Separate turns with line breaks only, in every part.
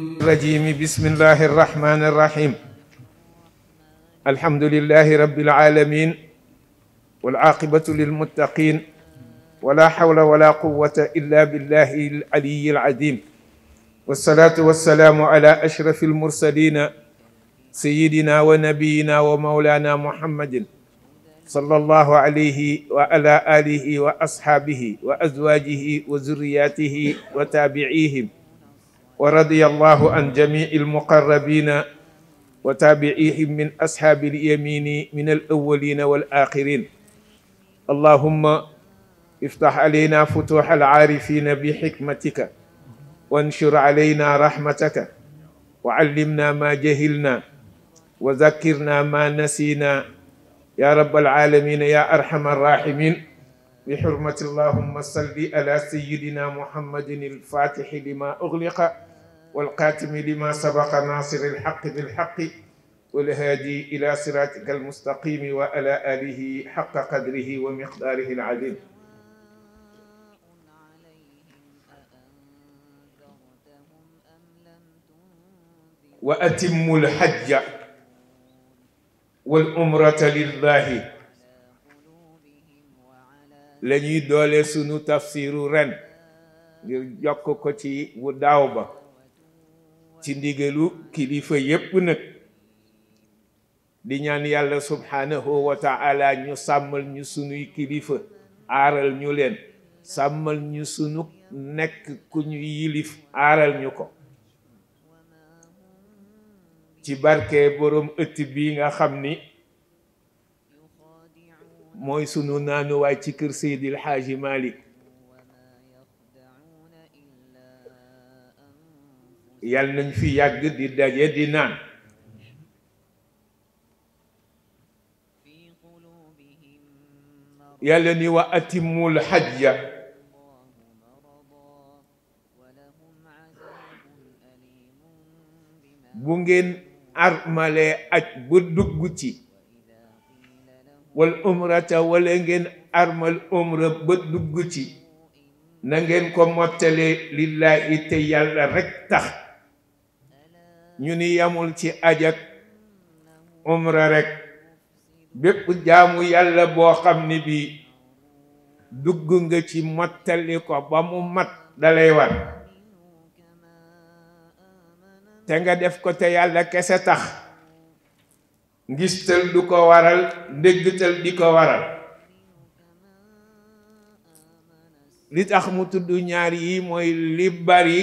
الرجيم بسم الله الرحمن الرحيم الحمد لله رب العالمين والعاقبة للمتقين ولا حول ولا قوة إلا بالله العلي العظيم والصلاة والسلام على أشرف المرسلين سيدنا ونبينا ومولانا محمد صلى الله عليه وعلى آله وأصحابه وأزواجه وزرياته وتابعيهم ورضي الله عن جميع المقربين وتابعيهم من أصحاب اليمين من الأولين والآخرين اللهم افتح علينا فتوح العارفين بحكمتك وانشر علينا رحمتك وعلمنا ما جهلنا وذكرنا ما نسينا يا رب العالمين يا أرحم الراحمين بحرمة اللهم صل على سيدنا محمد الفاتح لما أغلق والقاتم لما سبق ناصر الحق بالحق والهادي إلى صراطك المستقيم وألا آله حق قدره ومقداره العظيم وأتم الحج والأمرة لله لن يدول سنو تفسير رن يجوك كتي وداوبه ci ndigalu kilifa yépp nag di ñaan yàlla subhaanahu wa taala ñu sàmmal ñu sunuy kilifa aaral ñu leen sàmmal ñu sunu nekk ku ñu yilif aaral ñu ko ci barke boroom ëtt bi nga xam ni mooy sunu naanuwaay ci kër Seydil Xaaji Malik yàlla nañ fi yàgg di daje di naan yàlla ni wa atimul xajja bu ngeen armalee aj ba dugg ci wal umrata wala ngeen armal umra ba dugg ci na ngeen ko mottalee lillahi te yàlla rek tax ñu ni yamul ci aj ak umra rekk bépp jaamu yàlla boo xam ni bi dugg nga ci mottali ko ba mu mat dalay war te nga def ko te yàlla kese tax ngistal du ko waral ndéggtal di ko waral li tax mu tudd ñaar yi mooy li bari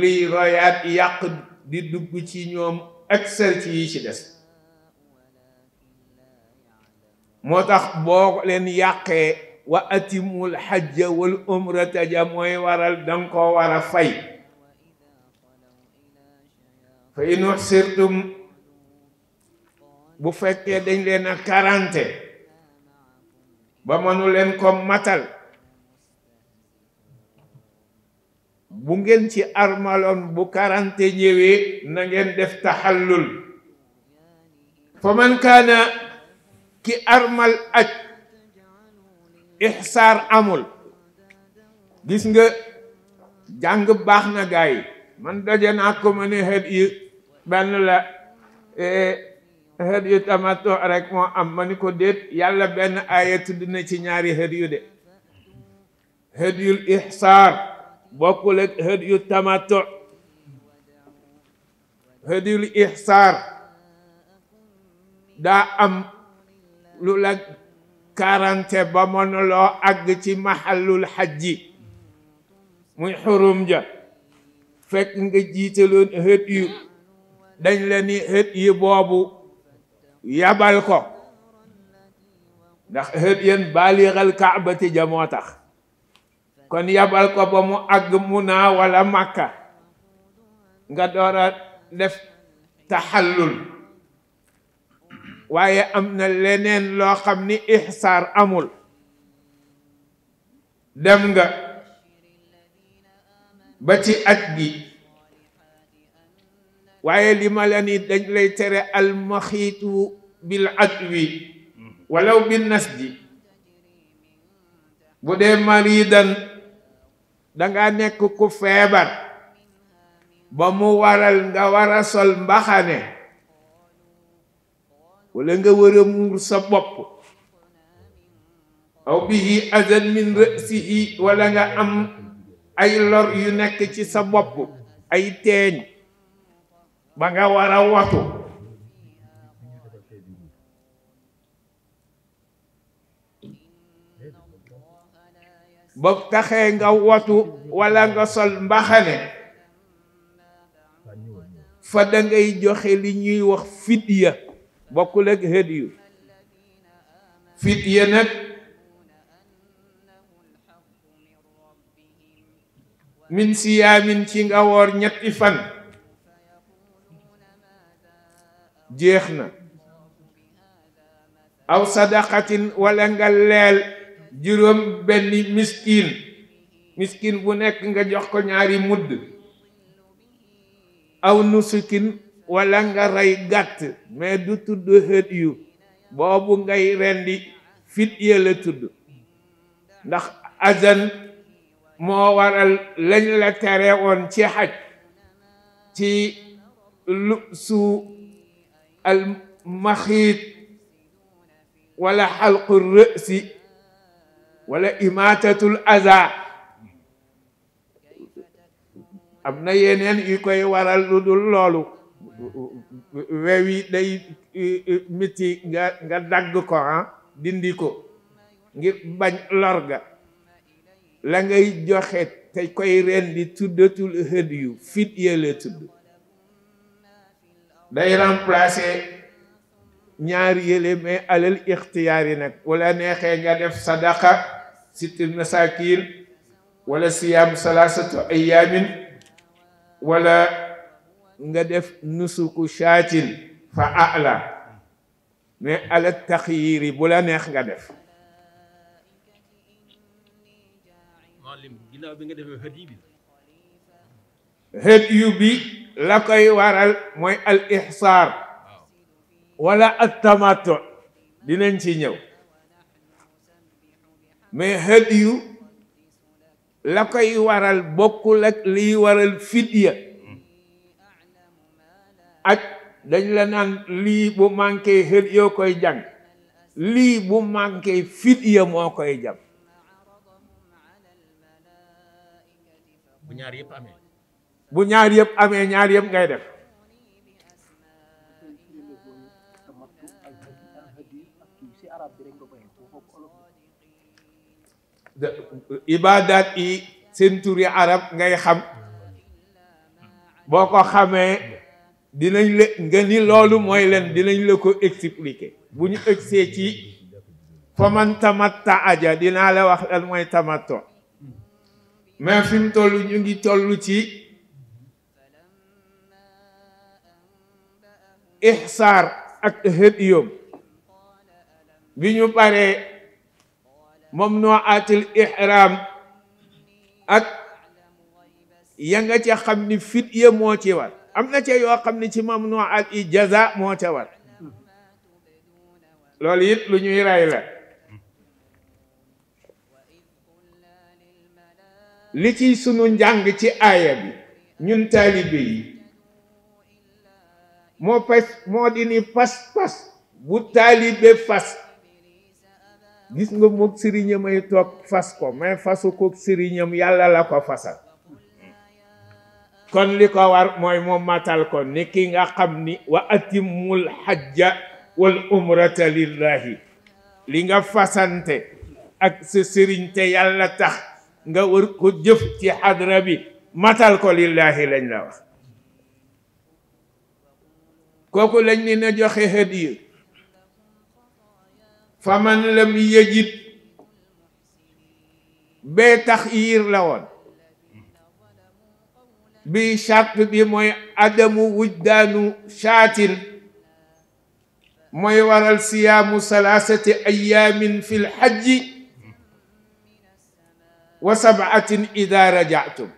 liy royaat yàq di dugg ci ñoom ak ci yi ci des moo tax boo leen yàqee wa atimul xajja wal umrata ja mooy waral danga ko war a fay fa in bu fekkee dañ leen a karante ba mënu leen ko matal bu ngeen ci armaloon bu quarante ñëwee na ngeen def taxallul fa man kaana ki armal aj ixsaar amul gis nga jàng baax na gaa man daje naa ko ma ne xeet benn la e, xeet yu tamato rek moo am ma ko déet yàlla benn aaya tudd na ci ñaari xeet yu de xeet yul ixsaar bokkul ak hadiyu tamattu hadiyul ihsaar daa am lu la quarante ba mënuloo àgg ci mahallul xajji muy xurum ja fekk nga jiitaloon hadiyu dañ la ni hadiyu boobu yabal ko ndax hadiyan baaligal kaabati ja moo tax kon yabal ko ba mu ag muna wala makka nga dora def tahallul waye amna lenen lo xamni ihsar amul dem nga ba ci aj gi waaye li ma dañ lay al almaxiitu bil adwi walau bin nasdi bu maridan danga nekk ku feebar ba mu waral nga war a sol mbaxane wala nga war a muur sa bopp aw bihi azan min rësihi wala nga am ay lor yu nekk ci sa bopp ay teeñ ba nga wara a ba taxee nga watu walla nga sol mbaxane fa da joxe li ñuy wax fidya bokkul ak hadiyu fidya nag min siyaamin ci nga woor ñetti fan jeex na aw sadaqatin wala nga leel juróom benni miskin miskin bu nekk nga jox ko ñaari mudd aw nusukin wala nga rey gàtt mais du tudd xët yu boobu ngay rendi fit ya tudd ndax azan moo waral lañ tere woon ci xaj ci lu su al maxiit wala xalqu rësi wala imaatatul aza am na yeneen yu koy waral lu dul loolu wew yi day miti nga nga dagg ko ah dindi ko ngir bañ lor ga la ngay joxe te koy rendi tuddatul hëd yu fit yële tudd day remplacer ñaar yële mais alal ixtiyaar yi nag wala neexee nga def sadaqa ست مساكين ولا صيام ثلاثة أيام ولا ندف نسوك شاتل فأعلى ما على التخيير بلا نخ ندف هل يبي لكي ورال موي الإحصار ولا التماتع دينا نتي mais xëd yu la koy waral bokk ak liy waral fidya ak dañ la naan lii bu manqué xëd koy jàng lii bu manqué fidya moo koy jam bu ñaar yëpp amee ñaar yëpp ngay def ibaadaat yi seen arab ngay xam boo ko xamee dinañ la nga ni loolu mooy leen dinañ la ko expliquer bu ñu egsee ci faman tamatta aja dinaa la wax lan mooy tamatto mais fi mu toll ñu ngi tollu ci ixsaar ak hëdiyom bi ñu paree mamnuatil ihram ak ya nga ca xam ni fit ya moo ci war am na ca yoo xam ni ci mamnuat ijaza moo ca war loolu it lu ñuy ray la li ci sunu njàng ci aaya bi ñun taalibe yi moo fas moo di pas-pas bu taalibe fas gis nga moog sëriñam ay toog fas ko mais fasu koog sëriñam yàlla la ko fasal kon li ko war mooy mu matal ko ni ki nga xam ni wa atimul xajja wal umrata lillahi li nga fasante ak sa sëriñ yàlla tax nga war ko jëf ci xadra bi matal ko lillahi lañ la wax kooku lañ ni na joxe hadiya فمن لم يجد بتخير لون بشرط بموي عدم وجدان شات موي ورا الصيام ثلاثه ايام في الحج وسبعه اذا رجعتم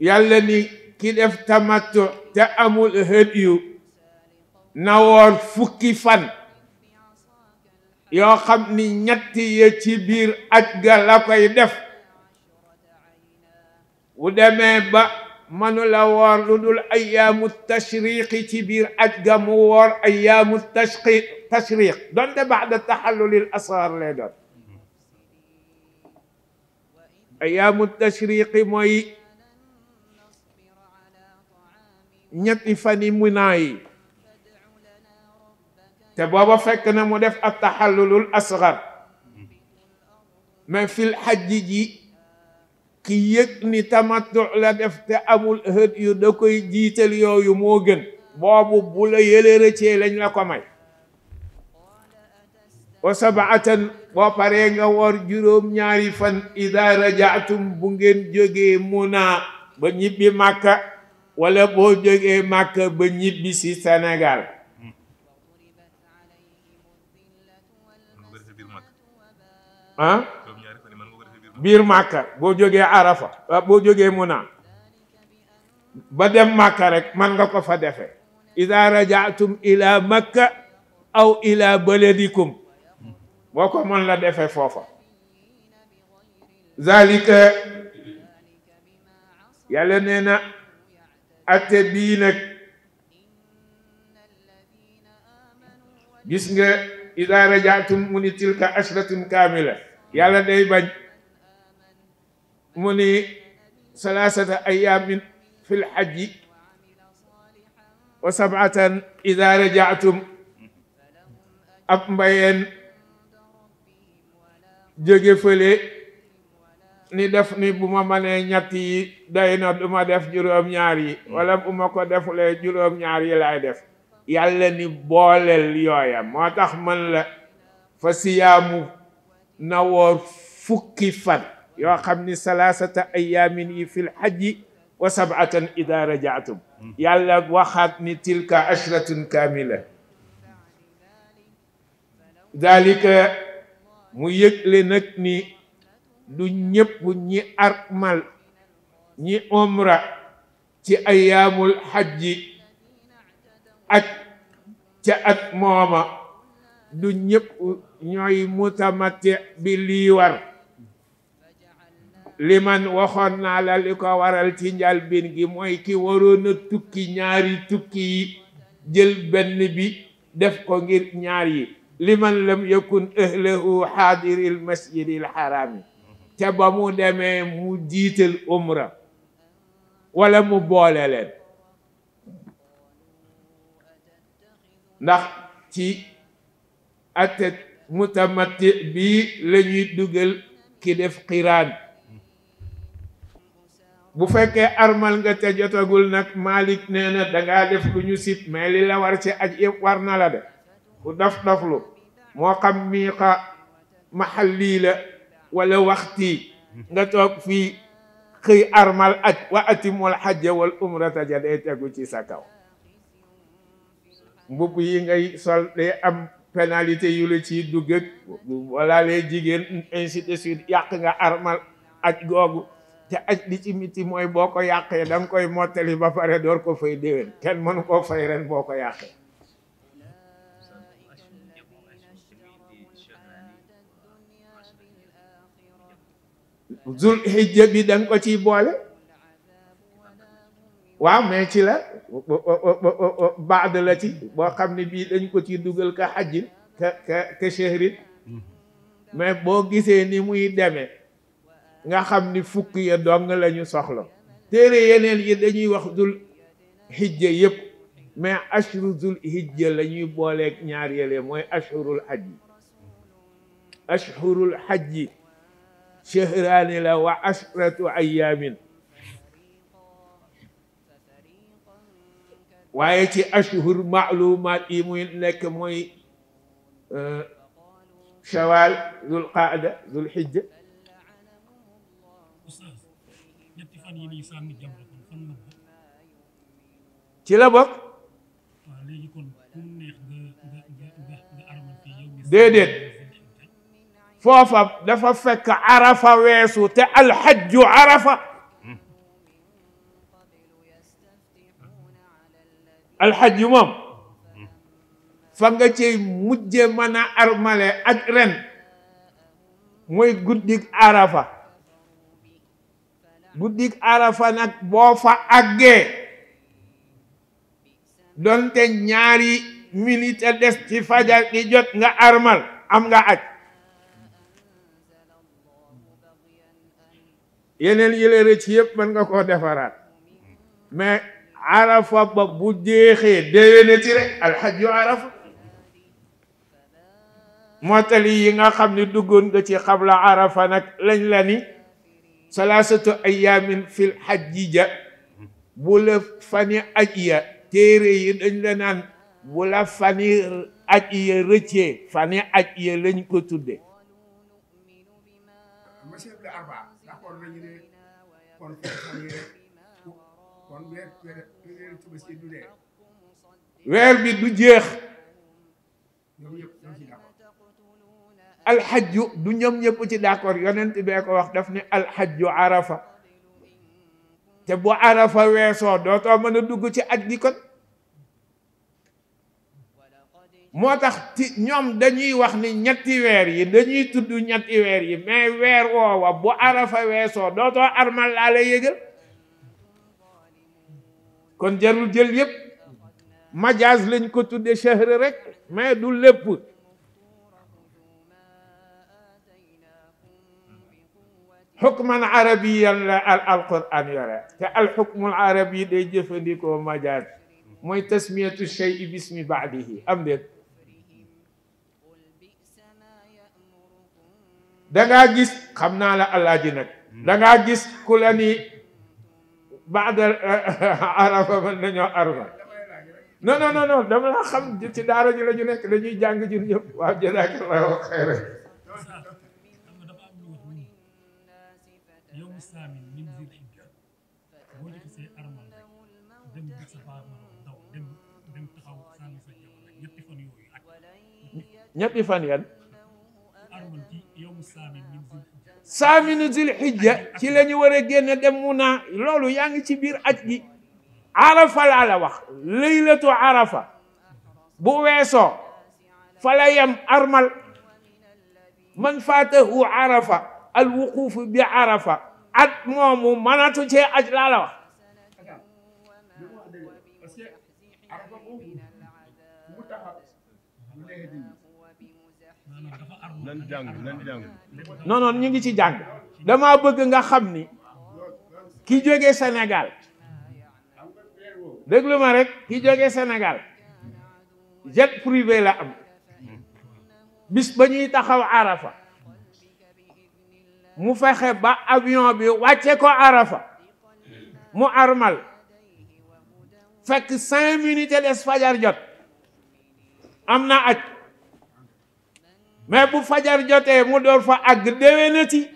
يلني كي دف تمتع تامل هديو نور فكي فن yo xamni ni ñetti ya ci bir aj ga la koy def wu deme ba manu la woor lu ayyamu tashriq tashriqi ci biir aj ga mu woor ayaamu tashri tashriq ba'd tahallul al asrar lay do ayyamu tashriq moy ñetti fani munaa te booba fekk na mu def ak taxallulul asgar mais fil xajji ji ki yëg ni tamattu la def te amul hët yu da koy jiital yooyu moo gën boobu bu la yële rëccee lañ la ko may wa sabaatan boo pare nga woor juróom ñaari fan ida rajaatum bu ngeen jógee muna ba ñibbi màkka wala boo jógee màkka ba ñibbi si Sénégal biir màkka boo jógee arafa ah, boo jógee muna ba dem màkka rek man nga ko fa defe ida rajaatum ila makka aw ila baladikum boo ko mën la defe foofa zalika yàlla nee na atte bii gis nga ida rajaatum mu ni tilka ashratun kaamila yàlla day bañ mu ni salaasata ayaamin fi lxajji wa sabatan ida rajaatum ab mbayeen jóge fële ni def ni bu ma mënee ñett yi day na du ma def juróom-ñaar yi wala bu ma ko defulee juróom-ñaar yi laay def yàlla ni bolel yoya motax man la fa siyaamu na fukki fan yo xamni salasata ayamin fi yi fil wa sabatan idha raja'tum yàlla waxat ni tilka ashratun kamila dalika mu yekle nak ni du ñëpp ñi armal ñi omra ci ayyamul hajj ca ak mooma du ñëpp ñooy mutamati bi lii war li man la li ko waral ci njalbin gi mooy ki waroon a tukki ñaari tukki jël benn bi def ko ngir ñaar yi li man lam yakun ahlahu xaadiril masjidil xaraami te ba mu demee mu jiital umra wala mu booleleen ndax ci atet mutamati bii la ñuy dugal ki def xiraan bu fekkee armal nga te jotagul nag Malik nee danga dangaa def lu ñu sib mais li la war ci aj yëpp war na la de ku dof doflu moo xam miiqa mahalli la wala waxti nga toog fii xëy armal aj wa atimul xajja wal umrata ja day tegu ci sa kaw mbubb yi ngay sol day am pénalité yu la ciy dugg wala les jigéen ainsi de suite yàq nga armal aj googu te aj li ci miti mooy boo ko yàqee da koy mottali ba pare door ko fay déwén kenn mënu koo fay ren boo ko yàqee zul hijja bi da ko ciy boole waaw mais ci la baada la ci boo xam ne bii dañ ko ci dugal ka xajjin ka ka ka chehrin mais boo gisee ni muy demee nga xam ni fukk ya dong la ñu soxla téere yeneen yi dañuy wax dul xijja yëpp mais ashru dul hijja la ñuy booleeg ñaar yële mooy ashurul xaj yi ashurul xaj yi chehraani la wa ashratu ayaamin waaye ci ashhur maalumaat yi muy nekk mooy shawal zul qaada zul xijja ci la bokk déedéet foofa dafa fekk arafa weesu te alxajju arafa alxaj yu moom fa nga cey mujje mën a armale aj ren mooy guddig arafa guddig arafa nag boo fa àggee donte ñaari minute des ci fajar di jot nga armal am nga aj yeneen yële rëcc yëpp mën nga ko defaraat mais arafa ba bu jeexee déwénati rek alxajju arafa mottali yi nga xam ni duggoon nga ci xabla arafa nag lañ la ni salaasatu ayaamin fil xajjija bu la fani aj ya yi dañ la naan bu la fani aj ya fani aj ya lañ ko tudde weer bi du jeex alxajju du ñoom ñëpp ci d'accord yonent bee ko wax daf ne alxajju arafa te bu arafa weesoo dootoo mën a dugg ci aj gi kon moo tax ñoom dañuy wax ni ñetti weer yi dañuy tudd ñetti weer yi mais weer woowa bu arafa weesoo dootoo armal laa la yëgal kon jarul jël yëpp majaas lañ ko tudde shahr rek mais du lépp xukman arabiyan la al alquran yore te alxukmul arabi day jëfandikoo majaas mooy tasmiyatu shay bismi baadihi am déet dangaa gis xam naa la alaaji nag dangaa gis ku la ni baada arafa mën nañoo arafa non non non non dama la xam ci daara ji la ñu nekk dañuy jàng jun ñëpp waaw jazakallahu xayran ñetti fan yan saaminu zil xijja ci la ñu war a génn dem mu naa loolu yaa ngi ci biir aj gi arafa laa la wax laylatu arafa bu weesoo fa la yem armal man faatahu arafa al wuquufu bi arafa at moomu mënatu cee aj laa la wax parce que
arafa boobu bu taxaw
nan jàng
non non ñu ngi ci jàng dama bëgg nga xam ni ki jóge Sénégal déglu ma rek ki jóge Sénégal jet privé la am bis ba ñuy taxaw Arafa mu fexe ba avion bi wàcce ko Arafa mu armal fekk cinq minutes des fajar jot am na aj mais bu fajar jotee mu door fa àgg déwénati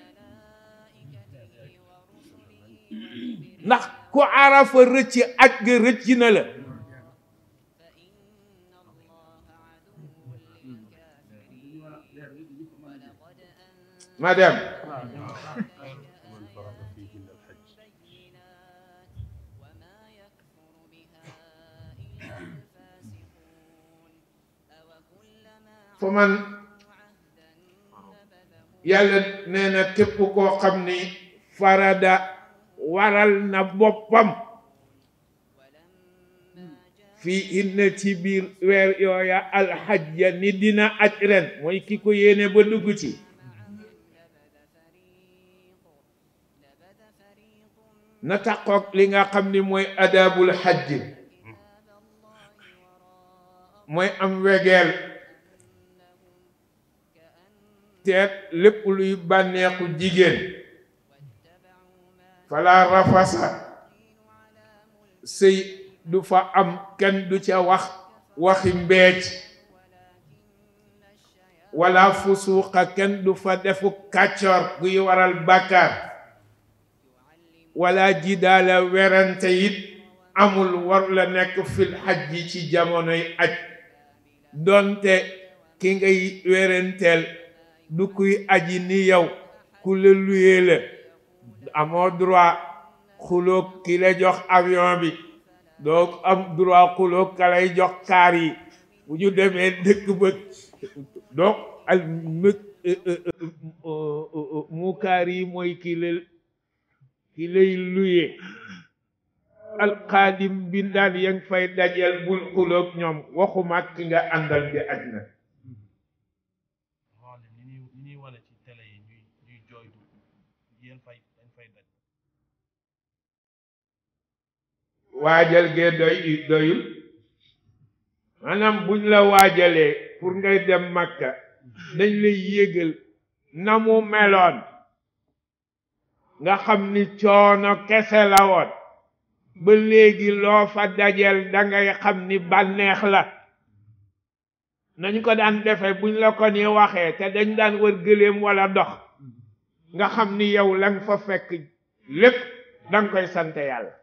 ndax ku arafa rëcc àgg rëcc na la madame fa man yàlla nee na képp koo xam ni farada waral na boppam fii inna ci biir weer yooya ni dina aj ren mooy ki ko yéene ba dugg na taqoog li nga xam ni mooy adaabul xajj mooy am wegeel teet lépp luy bànneexu jigéen fala rafasa sëy du fa am kenn du ca wax waxi mbeej wala fusuuqa kenn du fa defu kàccoor guy waral bàkkaar wala jidaala werante it amul war nekk fil xaj ci jamonoy aj doonte ki ngay werenteel du kuy aji ni yow ku la luyee la amoo droit xuloog ki la jox avion bi doo am droit xuloog ka jox kaar yi bu ñu demee dëkk ba donc al mu euh, euh, euh, kaar yi mooy ki la ki lay luyee alxaadim bi ndaan yang fay dajal bul xuloog ñoom waxuma ki nga àndal bi aj na waajal gee doy doyul maanaam buñ la waajalee pour ngay dem Makka dañ lay yégal namu meloon nga xam ni coono kese la woon ba léegi loo fa dajel dangay xam ni bànneex la nañ ko daan defe buñ la ko ni waxee te dañ daan wër gëléem walla dox nga xam ni yow la nga fa fekk lépp danga koy sant yàlla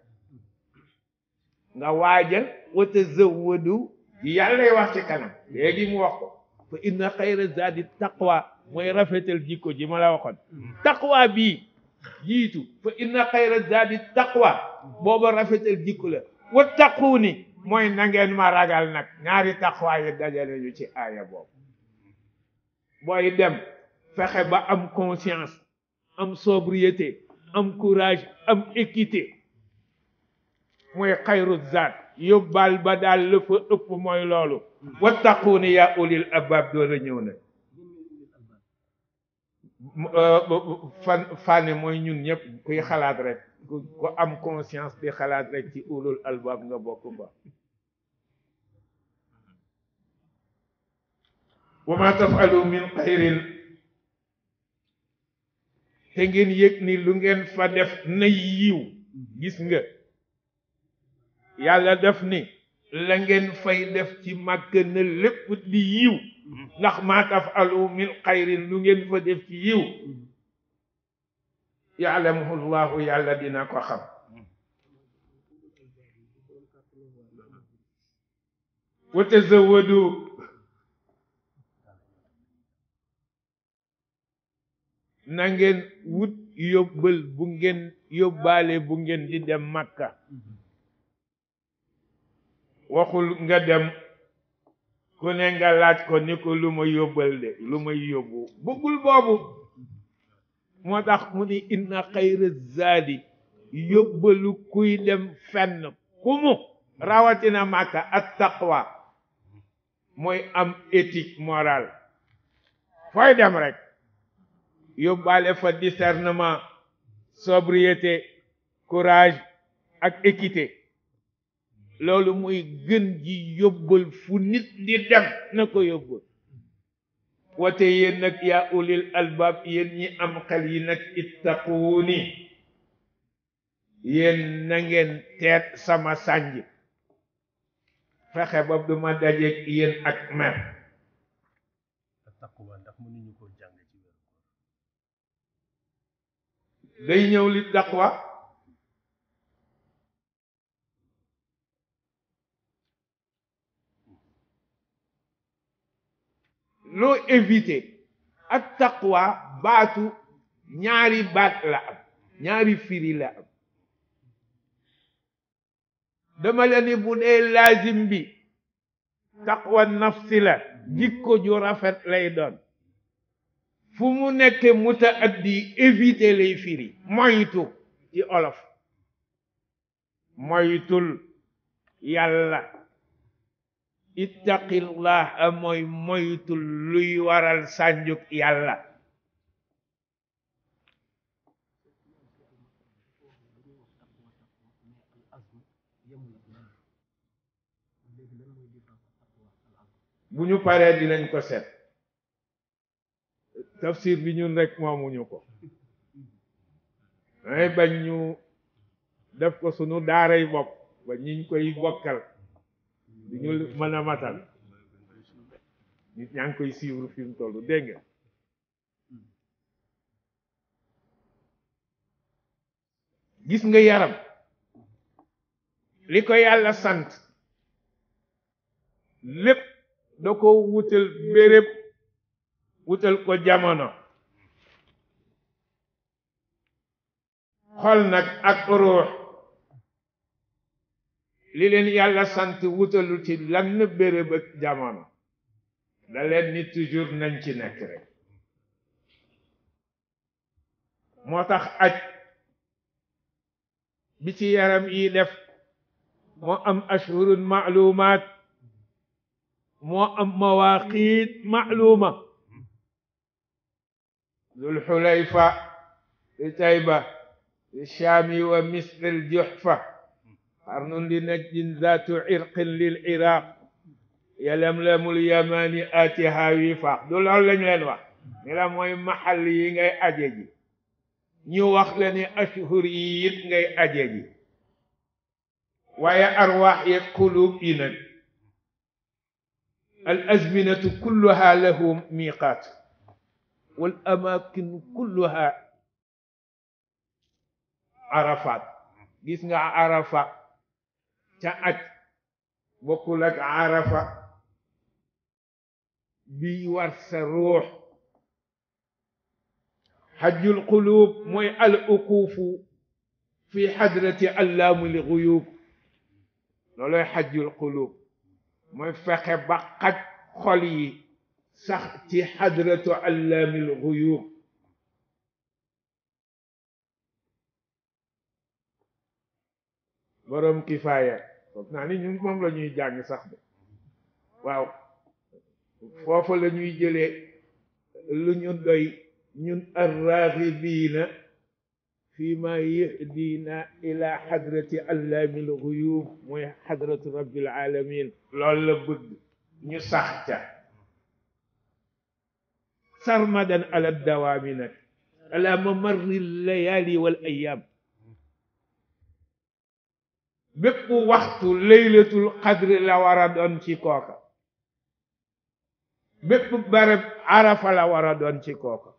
nga waajal wata zawadu yàllay wax ci kanam léegi mu wax ko fa inna xayra zaadi taqwa mooy rafetal jikko ji mala la waxoon taqwa bii jiitu fa inna xayra zaadi taqwa booba rafetal jikko la wa taquuni mooy na ngeen ma ragal nag ñaari taqwa yi dajale ñu ci aaya boobu booy dem fexe ba am conscience am sobriété am courage am équité mooy xayru zaat yóbbaal ba daal la ëpp mooy loolu wattaquuni yaa ulil albaab door a ñëw na fan fànne mooy ñun ñëpp kuy xalaat rek ku am conscience di xalaat rek ci ulul albaab nga bokk ba wa ma tafalu min xayrin te ngeen yëg ni lu ngeen fa def na yiw gis nga yàlla def ni la ngeen fay def ci màkk na lépp di yiw ndax maa tafalu min xayrin lu ngeen fa def ci yiw yaalamuhu llahu yàlla dina ko xam wa tazawadu na ngeen wut yóbbal bu ngeen yóbbaale bu ngeen di dem màkka waxul nga dem ku ne nga laaj ko ni ko lu ma yóbbal de lu may yóbbu bëggul boobu moo tax mu ni inna xayra zaadi yóbbalu kuy dem fenn ku mu rawatina màkka at taqwa mooy am éthique morale fooy dem rek yóbbaale fa discernement sobriété courage ak équité loolu muy gën ji yóbbal fu nit di dem na ko yóbbal wate yéen nag yaa ulil albaab yéen ñi am xel yi nag ittaquuni yéen na ngeen teet sama sànj fexe ba du ma dajeeg ak mer day ñëw li taqwa éviter ak taqwa baatu ñaari baat la am ñaari firi la am dama la bu dee laazim bi taqwa nafsi la jikko ju rafet lay doon fu mu nekk mutaaddi éviter lay firi moytu ci olof moytul yàlla ittaqillaha mooy moytul luy waral sànjuk yàlla bu ñu paree di lañ ko seet tafsir bi ñun rek moomuñu ko may bañ ñu def ko sunu daaray bopp ba ñiñ koy bokkal du ñu mën a matal nit koy suivre fi mu toll dégg nga gis nga yaram li ko yàlla sant lépp da ko wutal béréb wutal ko jamono xol nag ak ruux li leen yàlla sant wutalu ci lann béréb ak jamono da leen ni toujours nañ ci nekk rek moo tax aj bi ci yaram yi def moo am ashhurun maalumaat moo am mawaqit maaluma ذو الحليفة لتيبة للشام ومصر الجحفة قرن لنجد ذات عرق للعراق يلملم اليماني آتي هاوي فاق du loolu lañ leen wax ni la mooy maxal yi ngay aje ji ñu wax la ni ashhur yi it ngay aje ji waaye arwaax yeeg kulub yi nag al azminatu kulluha lahu miqaat wal amakin kulluha arafat gis nga arafa تأت بكلك عرفة بيورس الروح حج القلوب موي الأكوف في حضرة اللام لغيوب لولو حج القلوب موي فخ بقت خلي سختي حضرة اللام الغيوب borom kifaaya foog naa ni ñun moom la ñuy jàng sax de waaw foofa la ñuy jëlee lu ñu doy ñun arraxibiina fi ma yahdina ila xadrati allaamil xuyub mooy xadratu rabbil alamin loolu la bëgg ñu sax ca sarmadan ala dawaami nag ala mamarri layali wal ayam bépp waxtu laylatul qadri la war a doon ci kooka bépp barab arafa la war a doon ci kooka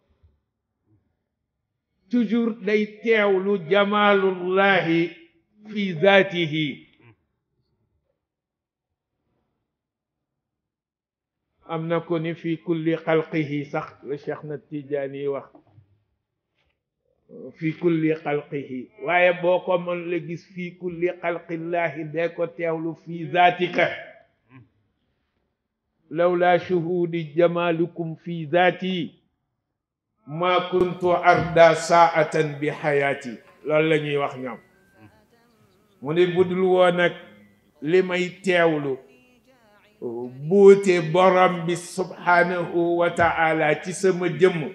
toujours day teewlu jamaalullahi fi zaatihi am na ko ni fi kulli xalqihi sax la cheikh na tijaani wax fi kulli xalqihi waaye boo ko mën la gis fi kulli xalqillaahi dee ko teewlu fi zaatika lawla shuhudi jamaalikum fi zaati ma kuntu arda saatan bi xayaati loolu la ñuy wax ñoom mu ne budul woo nag li may teewlu buute borom bi subhanahu wa taala ci sama jëmm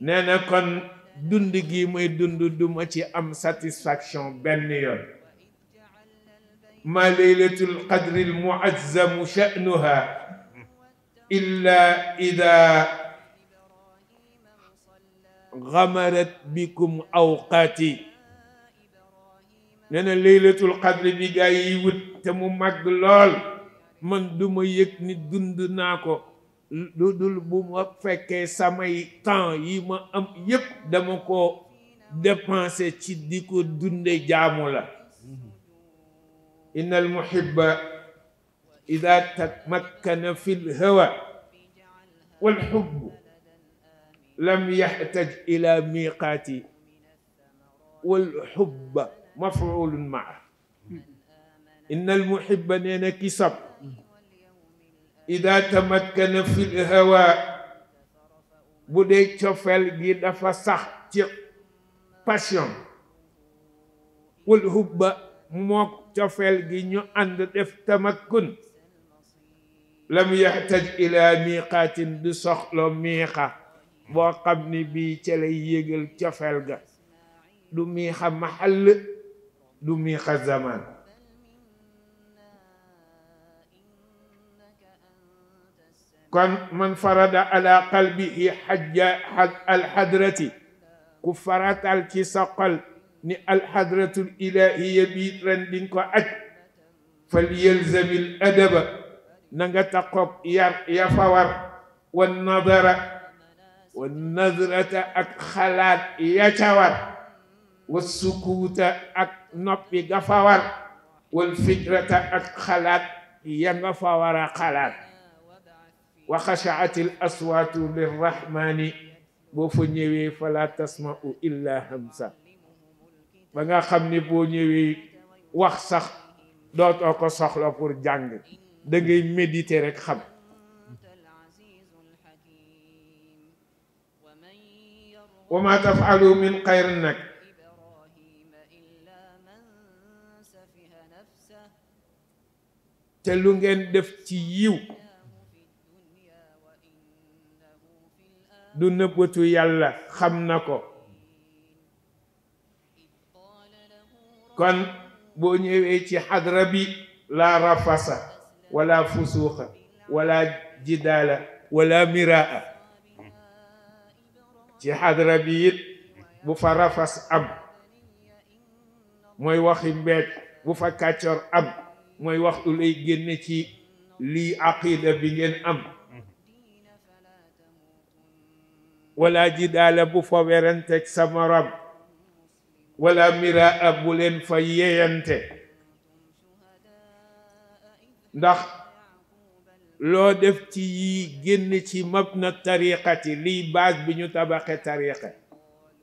nee na kon dund gi may dund du ma ci am satisfaction benn yoon ma laylatul qadri almuazzamu sha'nuha illa ida غمرت بكم أوقاتي nee na laylatul qadri bi gaa yi wut te mu màgg lool man du ma yëg ni dund naa ko ludul bu ma fekke samay temps yi ma am yep dama ko dépenser ci diko dunde jaamu la inna muhibba idha ida fil hawa wal hubb lam yahtaj ila miqati wal hubb mafuulun maa inna muhibba nena kisab إذا تمكن في الهواء بدي تفعل جدا فصح passion والحب موك تفعل جنو عند دف لم يحتاج إلى ميقات بصح لو وقبني بي تلي يجل تفعل دو ميقا محل دو زمان kon man farada ala qalbihi xajja alxadrati ku faratal ci sa xol ni alxadratul ilahiya bii ren di ko aj fal yalzamil adaba na nga taqoog yar ya fawar wa nadara wa nadrata ak xalaat ya cawar wa sukuuta ak noppi ga fawar wal fikrata ak xalaat ya nga fawara xalaat وخشعت الأصوات للرحمن بفنيوي فلا تسمع إلا همسا بغا خمني بونيوي وخصخ دوت أكو صخلا فور جانج دنجي ميديتي رك خم وما تفعلوا من خير نك تلونغن دفتي يوك du nëbbatu yàlla xamnako kon bo ñewé ci xadra bi laa rafasa wala fusukha wala jidala wala miraa ci xadra bi bu fa rafas am moy waxi mbet bu fa katchor am moy wax du lay génne ci li aqida bi ngeen am ولا جدال بفورنتك سمرب ولا مراء بولن فيينت ندخ لو دفتي جن تي مبنى الطريقة لي باز بنيو تبقى طريقة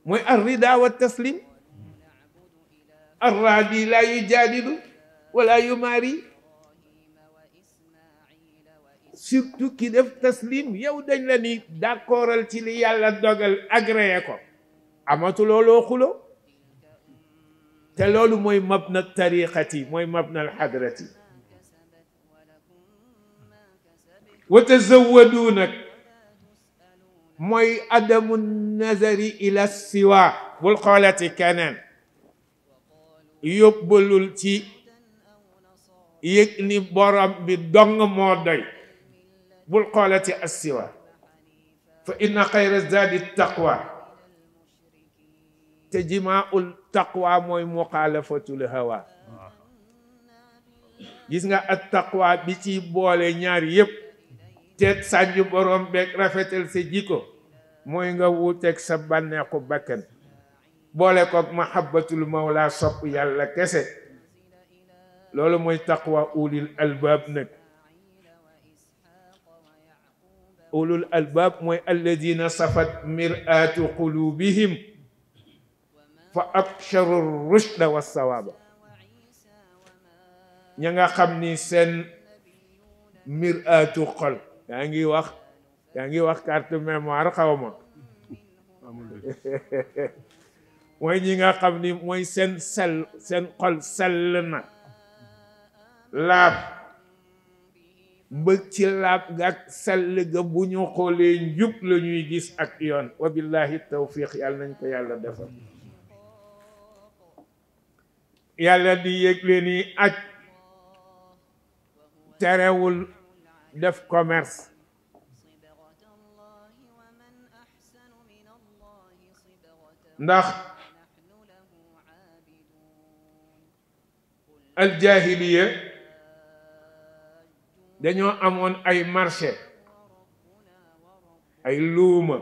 موي الرضا والتسليم الرادي لا يجادل ولا يماري surtout ki def taslim yow dañ la ni d'accordal ci li yàlla dogal agréé ko amatu lolo xulo te lolu moy mabna tariqati moy mabna hadrati wa tazawadu nag mooy adamu nazari ila siwa bul xoolati keneen yóbbalul ci yëg ni borom bi dong moo doy bul xoolati assiwa fa inna xayra zaadi taqwa te jimaul taqwa mooy muxaalafatul hawa gis nga ak taqwa bi ci boole ñaar yépp teet sànju boroom beeg rafetal sa jikko mooy nga wuuteeg sa bànneexu bakkan boole ko mahabbatul mawla sopp yàlla kese loolu mooy taqwa ulil albaab nag أولو الألباب موي الذين صفت مرآة قلوبهم فأبشروا الرشد والصواب نيغا خامني سن مرآة قل ياغي واخ ياغي واخ كارت ميموار خاوما موي نيغا خامني موي سن سل سن قل سلنا لا mbëg ci laab gak sell ga bu ñu xoolee njub lañuy gis ak yoon wa billahi tawfiq yàlla nañ ko yàlla defal yàlla di yëgle ni aj terewul def commerce ndax aljaahiliya dañoo amoon ay marché ay luuma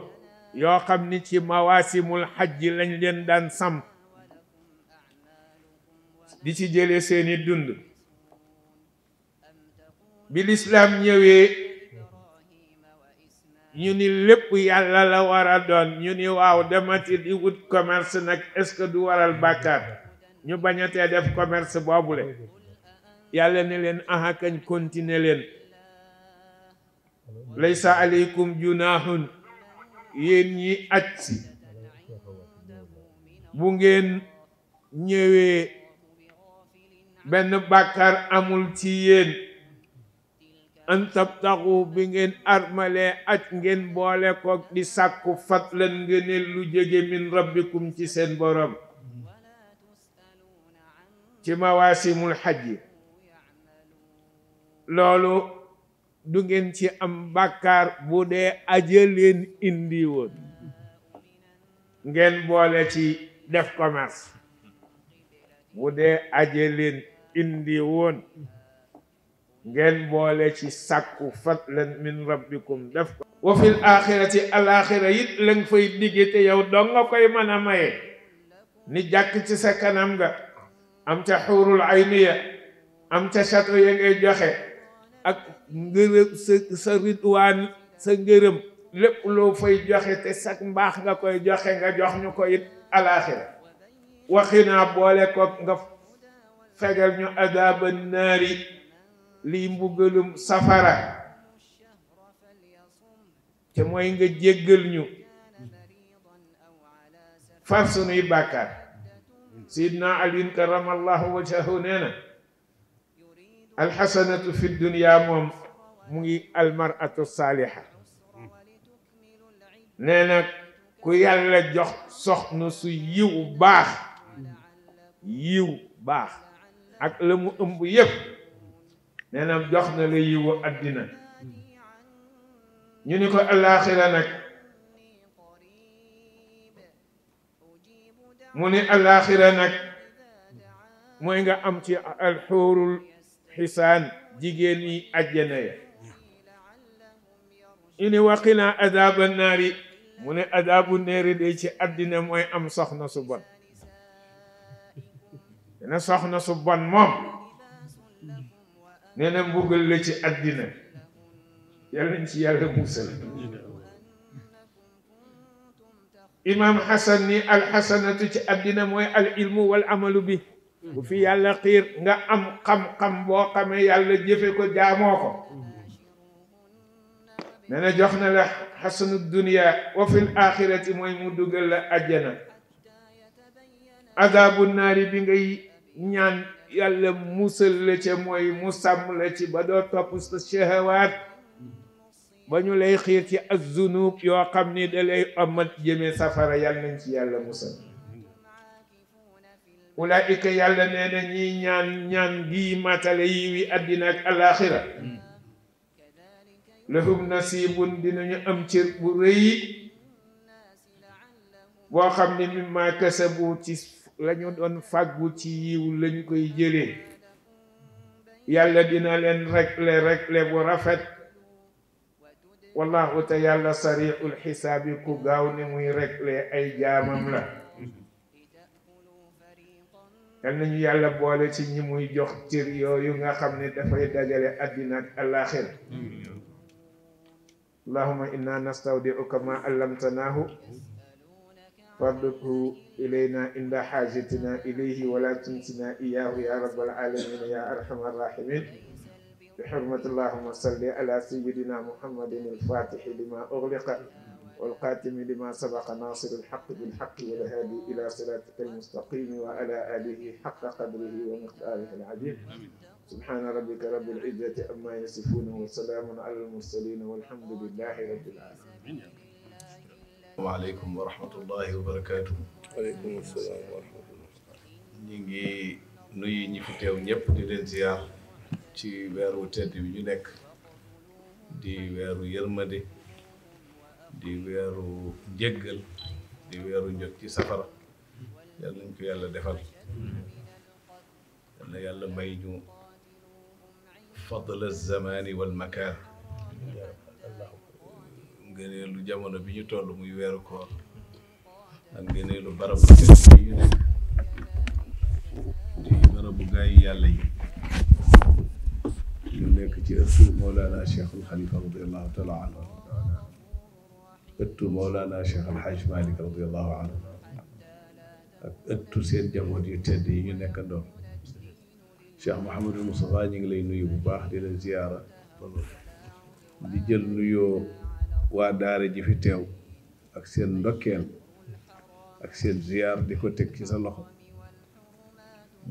yoo xam ni ci mawasimul xajji lañ leen daan sam di ci jëlee seeni dund bi lislaam ñëwee ñu ni lépp yàlla la war a doon ñu ni waaw demati di wut commerce nag est ce que du waral bàkkaar ñu bañatee def commerce boobule yàlla ne len aha kan continuer leen laysa alaykum junahun yen ñi aj bu ngeen ñewé ben bakar amul ci yéen an tabtaqu bi ngeen armalee aj ngeen boole ko di sakku fatlan ngeen lu min rabbikum ci sen borom ci mawasimul hajj loolu du ngeen ci am bàkkaar bu dee aje leen indi woon ngeen boole ci def commerce bu dee aje leen indi woon ngeen boole ci sàkku fatlan min rabbikum def ko wa fil axirati alaxira it la fay digge yow dong koy mën a maye ni jàkk ci sa kanam nga am ca xuurul ayni am ca château ya ngay joxe ak ngërëm sa sa ridwaan sa ngërëm lépp loo fay joxe te sag mbaax nga koy joxe nga jox ñu ko it alaaxira waxinaa boole ko nga fegal ñu adaaba naari lii mbugalum safara te mooy nga jéggal ñu far sunuy bàkkaar sidna alin karamallahu wajhahu nee na الحسنة في الدنيا مم مي المرأة الصالحة نانا كو يالا جوخ سخنا سو يو باخ يو باخ اك لمو امبو ييب نانا جوخنا لا يو ادنا ني نيكو الاخره نك موني الاخره نك موي nga am ci al hurul xisaan jigéen yi ajjana ya ini ci àddina mooy am soxna su bon nee na soxna su bon moom nee na mbugal la ci àddina yàlla mooy al ilmu wal amalu bi bu fi yàlla xiir nga am xam-xam boo xamee yàlla jëfe ko jaamoo ko nee na jox na la xasanu dunia wa fil axirati mooy mu dugal la àjjana azabu naari bi ngay ñaan yàlla musal la ca mooy mu sàmm la ci ba doo topp sa shahawaat ba ñu lay xiir ci az zunub yoo xam ni da lay omat jëme safara yàlla nañ ci yàlla musal ulaayika yàlla nee na ñiy ñaan ñaan gii matale yi wi àddina ak alaaxira lahum nasibun dinañu am cër bu rëy boo xam ne mimma kasabu ci lañu doon fàggu ci yiw lañu koy jële yàlla dina leen regle regle bu rafet wallahu te yàlla sariixul xisaabi ku gaaw ne muy regle ay jaamam la yal nañu yàlla boole ci ñi muy ان cër yooyu nga xam ne dafay dajale àddina ak alaxir اللهم ان نستودعك ما علمتناه فردك إلينا عند حاجتنا إليه ولا تنسنا إياه ان رب العالمين يا أرحم الراحمين بحرمة اللهم صل على سيدنا محمد ان لما أغلق والقاتم لما سبق ناصر الحق بالحق والهادي إلى صراطك المستقيم وعلى آله حق قدره ومقداره العظيم سبحان ربك رب العزة أما يصفون وسلام على المرسلين والحمد لله رب العالمين
وعليكم ورحمة الله وبركاته وعليكم السلام ورحمة الله نيجي نوي ñi fi teew ñëpp di leen ziar ci weeru tedd bi ñu nekk di weeru yërmande di weeru njëggal di weeru njot ci safara yàlla nañ ko defal yàlla yàlla may ñu fadl zamani wal makaan ngëneelu jamono bi ñu toll muy weeru koor ak ngëneelu barab bi ñu nekk di barabu gaay yàlla yi ñu nekk ci ëttu Mawlana Cheikhul Xalifa radiallahu ëttu Mawlana Cheikh Al Hadj Malick radiyallahu anhu ak ëttu seen jaboot yu tedd yi ñu nekk ndoon Cheikh Mouhamadou Moustapha ñu ngi lay nuyu bu baax di la ziyaara di jël nuyoo waa daara ji fi teew ak seen ndokkeel ak seen ziyaar di ko teg ci sa loxo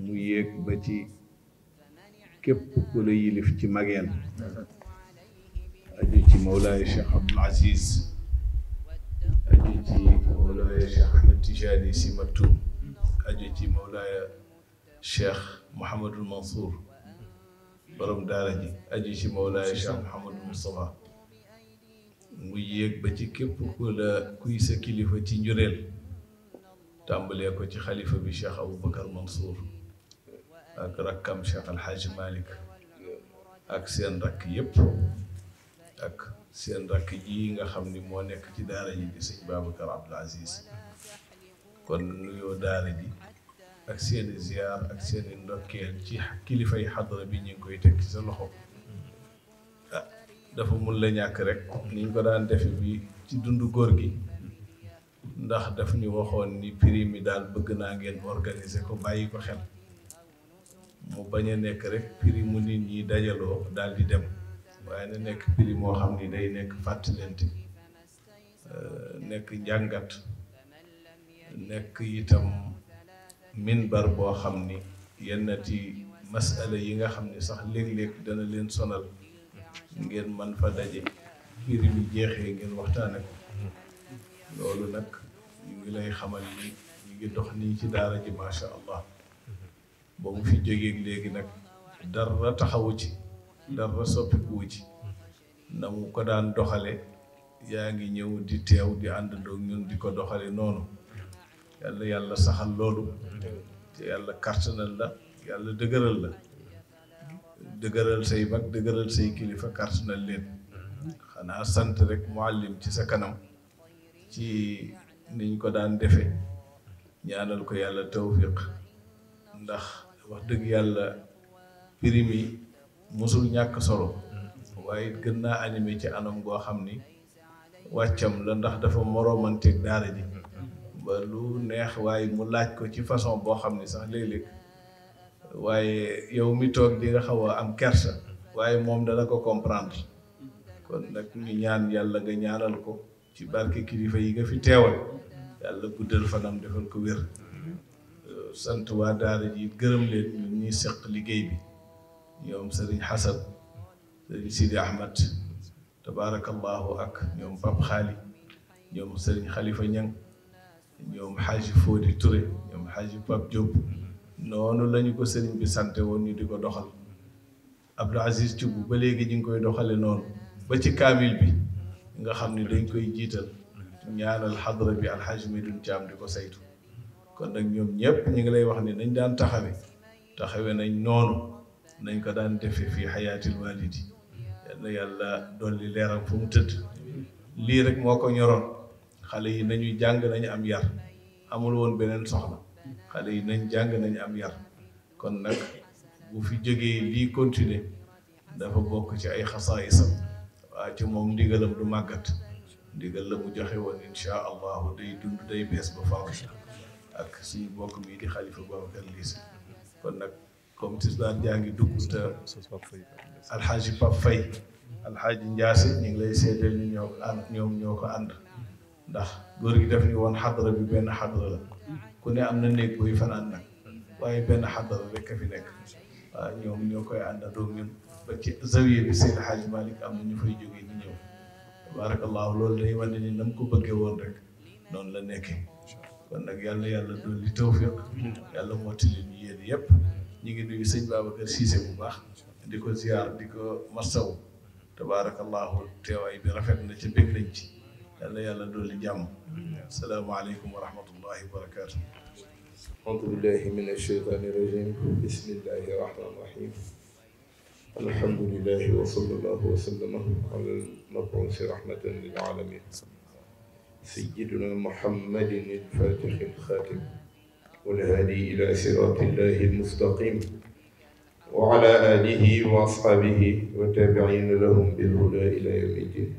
mu yéeg ba ci képp ku la yilif ci mageen aju ci Mawlaay Cheikh Abdoul Aziz Tijaani si Maktoum aju ci Mawlaaya Cheikh Mouhamadul Mansour borom daara ji aju ci Mawlaaya Cheikh Mouhamadul Moustapha mu yéeg ba ci képp ku la kuy sa kilifa ci njureel tàmbalee ko ci xalifa bi Cheikh Aboubacar Mansour ak rakkam Cheikh Alhaji Malick ak seen rakk yépp ak seen rakk ji nga xam ni moo nekk ci daara ji di sëñ Babacar Abdoul Aziz kon nuyoo daara ji ak seeni ziar ak seeni ndokkeel ci kilifay xadara bi ñu ngi koy teg ci sa loxo ah, dafa mun la ñàkk rek ni ñu ko daan defe bi ci dundu góor gi ndax daf ñu waxoon ni prix mi daal bëgg naa ngeen organiser ko bàyyi ko xel mu bañ nekk rek prix mu nit ñi dajaloo daal di dem waaye na nekk prix moo ni day nekk fàttalante eh, nekk njàngat nekk itam minbar boo xam ni yennati masala yi nga xam ni sax léeg-léeg dana leen sonal ngeen man fa daje mbir mi jeexee ngeen waxtaane ko loolu nag ñu ngi lay xamal ni ñu ngi dox nii ci daara ji macha allah ba fi jógeeg léegi nag dara taxawu ci dara soppikuwu ci na mu ko daan doxale yaa ngi ñëw di teew di àndandoo ñun di ko doxale noonu yàlla yàlla saxal loolu te yàlla kàttanal la yàlla dëgëral la dëgëral say bag dëgëral say kilifa kàttanal leen xanaa sant rek muallim ci sa kanam ci niñ ko daan defe ñaanal ko yàlla tawfiq ndax wax dëgg yàlla prime yi mosul ñàkk solo waaye gën naa animé ci anam goo xam ni wàccam la ndax dafa moroomanteeg daara ba lu neex waaye mu laaj ko ci façon boo xam ne sax léeg-léeg waaye yow mi toog di nga xaw am kersa waaye moom dana ko comprendre kon nag ñu ñaan yàlla nga ñaanal ko ci barke kilifa yi nga fi teewal yàlla guddal fanam defal ko wér sant waa daara ji gërëm leen ñun ñuy sëq liggéey bi ñoom sëriñ Xasan sëriñ Sidi Ahmad tabaarakallaahu ak ñoom Pape Xaali ñoom sëriñ Xalifa Ñang ñoom xaaji Fodé Touré ñoom xaaji Pape Diop noonu lañu ko sëriñ bi sante woon ñu di ko doxal Abdou Aziz Thioub ba léegi ñu ngi koy doxale noonu ba ci kaamil bi nga xam ni dañ koy jiital ñaanal xadra bi alxaaji Medoune Thiam di ko saytu kon nag ñoom ñëpp ñu ngi lay wax ne nañ daan taxawe taxawe nañ noonu nañ ko daan defe fii xayaatil walidi yal na yàlla dolli leeram fu mu tëdd lii rek moo ko ñoroon xale yi nañuy jàng nañu am yar amul woon beneen soxla xale yi nañ jàng nañu am yar kon nag bu fi jógee lii continuer dafa bokk ci ay xasaayisam waa ci moom ndigalam du màggat ndigal la mu joxe woon insha allahu day dund day bees ba faaw ak si mbokk mii di xalifa Babacar Lise kon nag comme tislaan jaa ngi dugg te alxaaji Pap Fay alxaaji Njaase ñu ngi lay seedeel ñu ñoo ñoom ñoo ko ànd ndax góor gi def ni woon xadara bi benn xadara la ku ne am na néeg buy fanaan nag waaye benn xadara rek a fi nekk waaw ñoom ñoo koy àndandoo ñun ba ci zawiya bi Seydi Hadj Malick ñu fay jógee di ñëw tabaarakallaahu loolu day wane ni nam ko bëggee woon rek noonu la nekkee kon nag yàlla yàlla doon li tawfiq yàlla mottali ñu yéen yëpp ñu ngi nuyu sëñ Babacar Cissé bu baax di ko ziar di ko masaw tabaarakallaahu teewaay bi rafet na ci bég nañ ci السلام عليكم ورحمة الله وبركاته
الحمد لله أعوذ بالله من الشيطان الرجيم بسم الله الرحمن الرحيم الحمد لله وصلى الله وسلم على المبعوث رحمة للعالمين سيدنا محمد الفاتح الخاتم والهادي إلى صراط الله المستقيم وعلى آله وأصحابه والتابعين لهم بالهدى إلى يوم الدين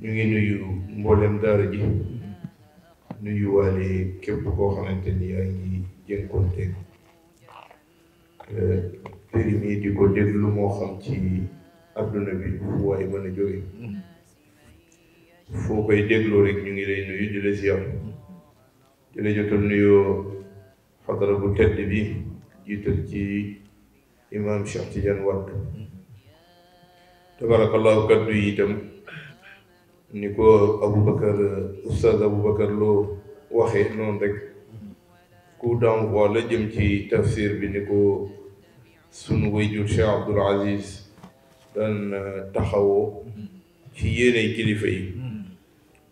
ñu ngi nuyu mboolem daara ji nuyu waale képp koo xamante ni yaa ngi jënkonteeg euh, këri mi di ko déglu moo xam ci adduna bi waaye mën a jóge foo koy dégloo rek ñu ngi lay nuyu di la ziar di la jotal nuyoo xadara bu tedd bi jiital ci imam Cheikh Tidiane Wade tabarakallahu kaddu yi itam ni ko Aboubacar oustaz Aboubacar loo waxe noonu rek coup d'envoi la jëm ci tafsir bi ni ko sunu wayjur Cheikh Abdoul Aziz daan euh, taxawoo ci yéenay kilifa yi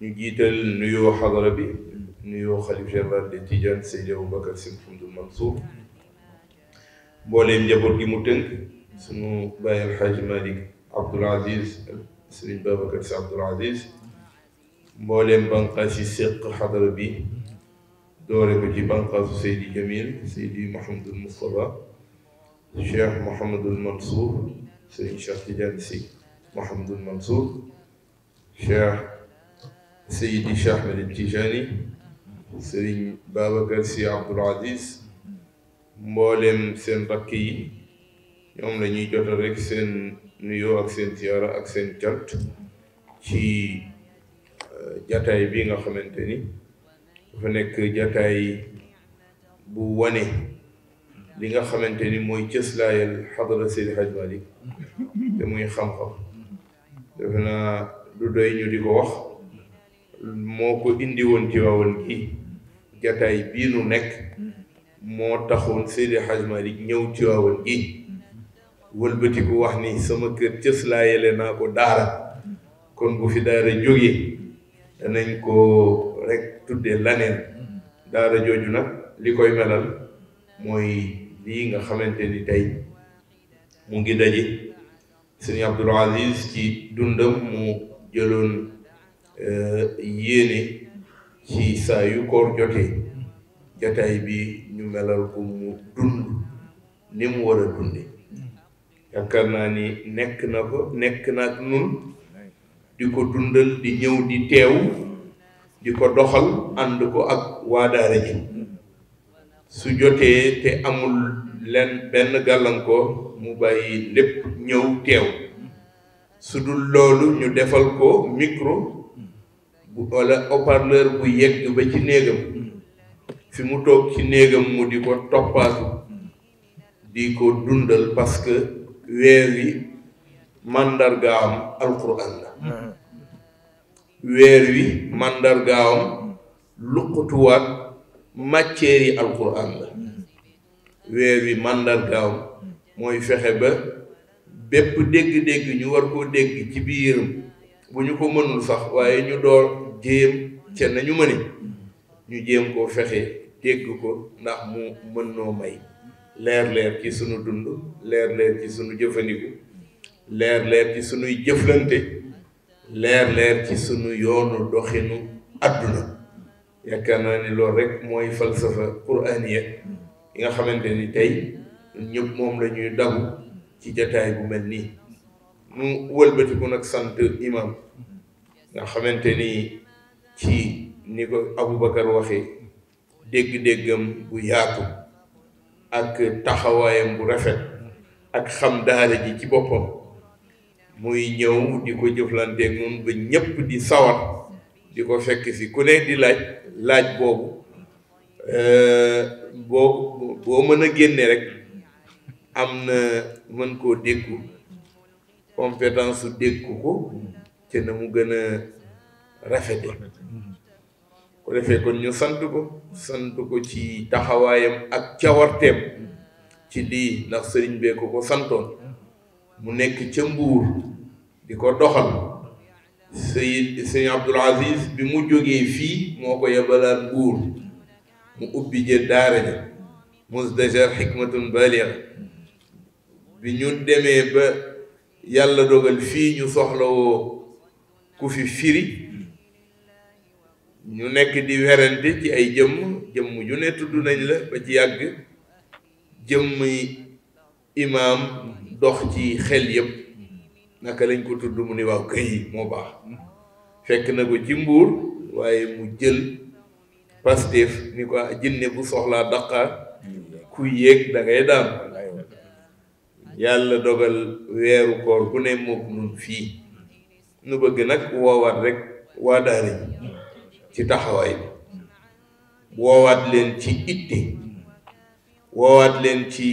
ñu jiital nuyoo xadara bi nuyoo xalif général de Tidiane Seydi Aboubacar Sy Mouhamadou Mansour mbooleem njaboot gi mu tënk sunu bàyyi alxaaji Malick Abdoul Aziz sëriñ Babacar Sy Abdoul Aziz mbooleem banqaas yi séq xadara bi doore ko ci banqaasu Seydi Jamil Seydi Mouhamadul Moustapha Cheikh Mouhamadul Mansour sëriñ Cheikh Tidiane Sy Mouhamadul Mansour Cheikh Seydi Cheikh Ahmed Tijani sëriñ Babacar Sy Abdoul Aziz mbooleem seen rakk yi ñoom la ñuy jotal rek seen nuyoo ak seen ziyaara ak seen jant ci euh, jataay bii nga xamante ni dafa nekk jataay bu wane li nga xamante ni mooy cëslaayal xadara Seydi Hajj Malick te muy xam-xam defe naa du doy ñu di ko wax moo ko indi woon ci gi jataay bii nu nekk moo taxoon Seydi Hajj Malick ñëw ci waawoon gi bu wax ni sama kër cës laa yele naa ko daara kon bu fi daara jógee danañ ko rek tuddee laneen daara jooju nag li koy melal mooy lii nga xamante ni tey mu ngi daje sëñ Abdul Aziz ci dundam mu jëloon eh, yéene ci saa yu jotee jataay bi ñu melal ko mu dund ni mu war a dunde yaakaar naa ni nekk na ko nekk na ak nun di ko dundal di ñëw di teew di ko doxal ànd ko ak waa ji su jotee te amul leen benn gàllankoor mu bàyyi lépp ñëw teew su dul loolu ñu defal ko micro wala haut-parleur bu yegg ba ci néegam fi mu toog ci néegam mu di ko toppaatu di ko dundal parce wéri wi màndargaam alquran la weer wi màndargaam wat matière alquran la wéri wi màndargaam mooy fexe ba bép dégg-dégg ñu war ko dégg ci biir bu ñu ko mënul sax ñu door jëm nañu mëni ñu jëm ko fexé dégg ko ndax mu mëno may leer-leer ci sunu dund leer-leer ci sunu jëfandiku leer-leer ci sunuy jëflante leer-leer ci sunu yoonu doxinu adduna yaakaar naa ni loolu rek mooy falsafa quraniya yi nga xamante ni tey ñëpp moom la ñuy ci jataay bu mel nii mu wëlbatiku nag sant imam nga xamante ni ci ni ko Aboubacar waxee dégg-déggam bu yaatu ak taxawaayam bu rafet ak xam daara ji ci boppam muy ñëw di ko jëflanteeg moom ba ñépp di sawar di ko fekk si ku ne di laaj laaj boobu euh, boo boo mën a génne rek am na mën koo dékku compétence su dékku ko te na mu gën a rafete ko defee kon ñu sant ko sant ko ci taxawaayam ak cawarteem ci lii ndax sëriñ bee ko ko santoon mu nekk ca mbuur di ko doxal sëyid sëñ abdul aziz bi mu jógee fii moo ko yebalaat mbuur mu ubbi jë daara ja musdajar xikmatun baliga bi ñu demee ba yàlla dogal fii ñu soxlawoo ku fi firi ñu nekk di werante ci ay jëmm jëm ju ne tudd nañ la ba ci yàgg jëmmi imam dox ci xel yëpp naka lañ ko tudd mu ni waaw këy moo baax fekk na ko ci mbuur waaye mu jël Pastef ni ko ah, jinne bu soxlaa daqaar ku yéeg dangay ngay daan yàlla dogal weeru koor ku ne mook nun fii nu bëgg nag woowaat rek waa daara ci taxaway bi woowaat len ci itte woowaat len ci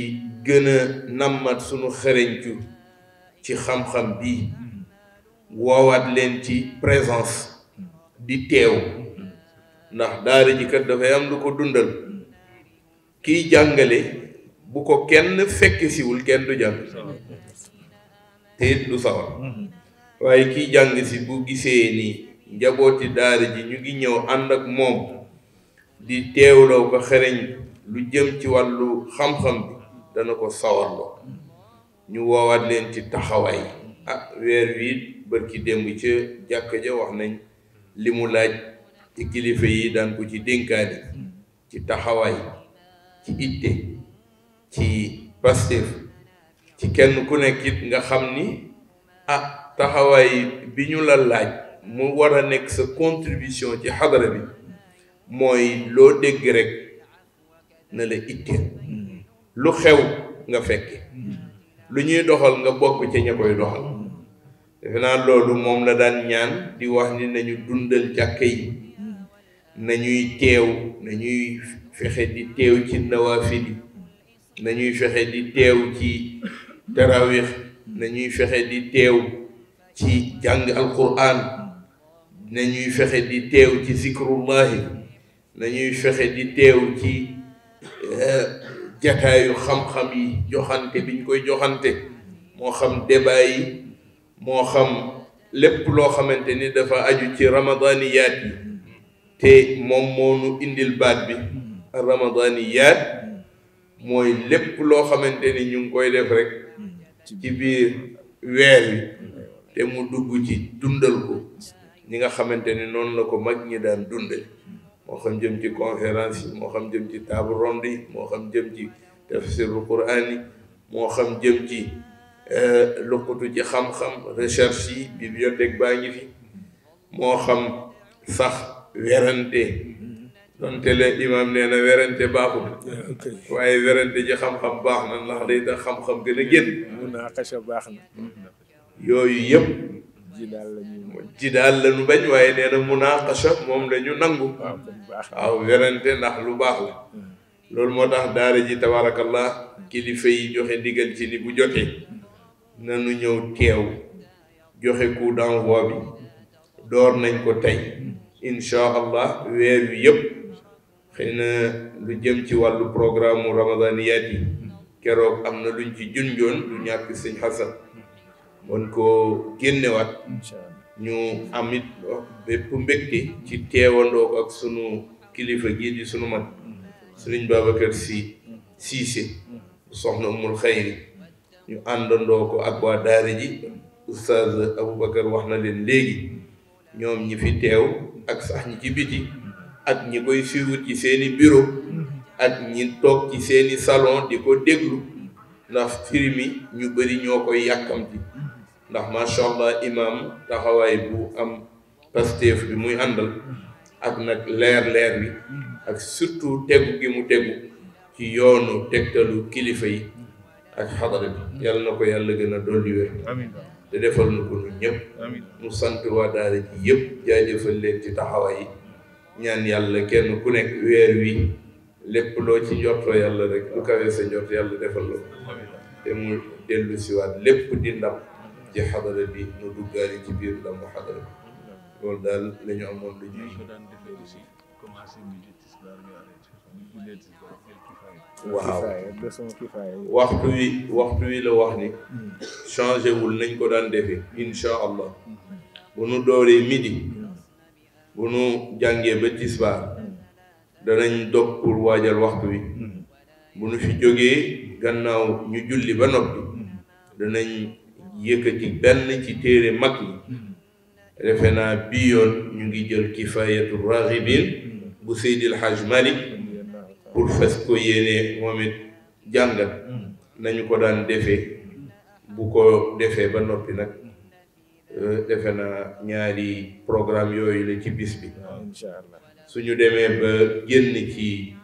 gën namat nammat sunu xereñcu ci xam-xam bi len ci présence di tew ndax daara ji kat dafa am lu ko dundal ki jangale bu ko kenn fekk wul kenn du jang te it du sawar mm-hmm. waaye jàng si bu gisee ni njabooti daara ji ñu ngi ñëw ànd ak moom di teewloo ko xereñ lu jëm ci wàllu xam-xam bi dana ko sawarloo ñu woowaat leen ci taxawaay ah weer wii bërki démb ca jàkk ja wax nañ li mu laaj ci kilifa yi daan ko ci dénkaani ci taxawaay ci itte ci Pastef ci kenn ku nekk it nga xam ni ah taxawaay bi ñu la laaj mu war a nekk sa contribution ci xadara bi mooy loo dégg rek na la itteel lu xew nga fekke lu ñuy doxal nga bokk ca ña koy doxal defe naa loolu moom la daan ñaan di wax ni nañu dundal jàkka yi nañuy teew nañuy fexe di teew ci nawaafili nañuy fexe di teew ci tarawix nañuy fexe di teew ci jàng alquran nañuy fexe di teew ci zikrullahi nañuy fexe di teew ci jataayu xam-xam yi joxante biñ koy joxante moo xam débat yi moo xam lépp loo xamante ni dafa aju ci ramadaniyaat yi te moom moo nu indil baat bi ramadaniyaat mooy lépp loo xamante ni ñu ngi koy def rek ci biir weer wi te mu dugg ci dundal ko ñi nga xamante ni noonu la ko mag ñi daan dunde moo xam jëm ci conférence yi moo xam jëm ci table ronde yi moo xam jëm ci tafsirul quran yi moo xam jëm ci euh, luqutu ci xam-xam recherche yi bibliothèque baa ngi fi moo xam sax werante donte le imam nee na werante baaxul waaye werante ci xam-xam baax na ndax day tax xam-xam gën a génn. mun naa xasee baax na. yooyu yëpp. ji daal la ñu bañ waaye nee na munaqasha moom la ñu nangu waaw werante ndax lu baax la hmm. loolu moo tax daara ji tabarakallah kilifa yi joxe ndigal ni bu jotee nanu ñëw teew joxe ku d'envoi bi door nañ ko tey insha allah weer wi yëpp xëy na lu jëm ci wàllu programme mu yi keroog am na luñ ci junjoon lu ñàkk sëñ Xasan wan koo génnewaat ñu amit bépp mbégte ci teewandoo ak sunu kilifa gii di sunu mag mm. sëriñ Babacar Sy Cissé mm. soxna umul xayri ñu àndandoo ko ak waa daara ji oustaz Aboubacar wax na leen léegi ñoom ñi fi teew ak sax ñi ci biti ak ñi koy suivre ci seeni bureau ak ñi toog ci seeni salon di ko déglu ndax firi mi ñu bëri ñoo koy yàkkamti ndax macha allah imaam taxawaay bu am pasteef bi muy àndal ak nag leer leer bi ak surtout tegu gi mu tegu ci yoonu tegtalu kilifa yi ak xadara bi yàlla na ko yàlla gën a dolli wér te defal na ko ñun ñëpp mu sant waa daara ji yëpp jaajëfal leen ci taxawaay yi ñaan yàlla kenn ku nekk weer wi lépp loo ci njortoo yàlla rek lu kawee sa njort yàlla defal la te mu dellu lépp di ndam di xadara bi nu duggaale ci biir lamu xadara bi loolu daal la ñu amoon lu ñuy waaw waxtu wi waxtu wi la wax ni changé wul nañ ko daan defee insha allah bu nu dooree midi bu nu jàngee ba tisbaar danañ dog pour waajal waxtu wi bu nu fi jógee gannaaw ñu julli ba noppi danañ yëkëti benn ci téere mag ñi defe naa bi yoon ñu ngi jël kifayatu raxibin bu seydil haj malik pour fes ko yéene moom it jàngat nañu ko daan defee bu ko defee ba noppi nag defe naa ñaari programme yooyu la ci bis bi suñu demee ba génn ci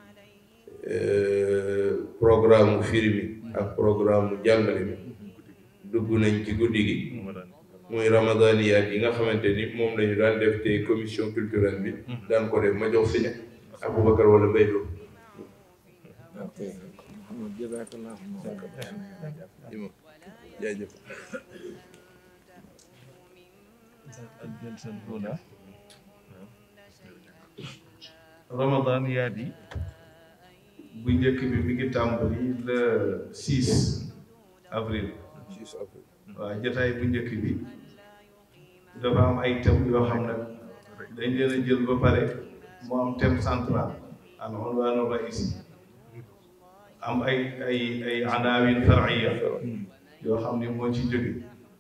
programme firi mi ak programme jàngale mi dugg nañ ci guddi gi muy ramadaniyaat yi nga xamante ni moom lañu daan def te commission culturelle bi daan ko def ma jox si ne Aboubacar wala Mbaye Lo jaajëf
ramadaniyaat yi bi mi ngi tàmbali le 6 avril 26 avril. waaw bu njëkk bi dafa am ay thèmes yoo xam nag dañ leen a jël ba pare mu am santra central al unwaan raïsi am ay ay ay anaawin farciya yoo xam ni moo ci jóge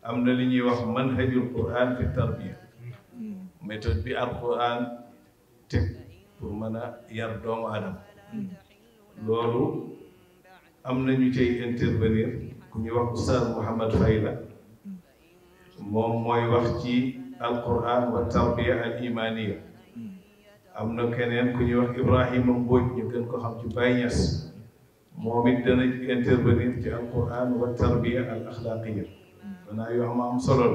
am na li ñuy wax manhajul quran fi tarbiya méthode bi al quran teg pour mën a yar doomu aadama loolu am na ñu cay intervenir. ku wax ustaz mohammed fayla mom moy wax ci alquran wa tarbiya alimaniya amna am keneen ku ñu wax ibrahim Mbodj ñu gën ko xam ci Baye Niass moom it dana intervenir ci alquran wa tarbiya alakhlaqiya axlaqiya yu am am solo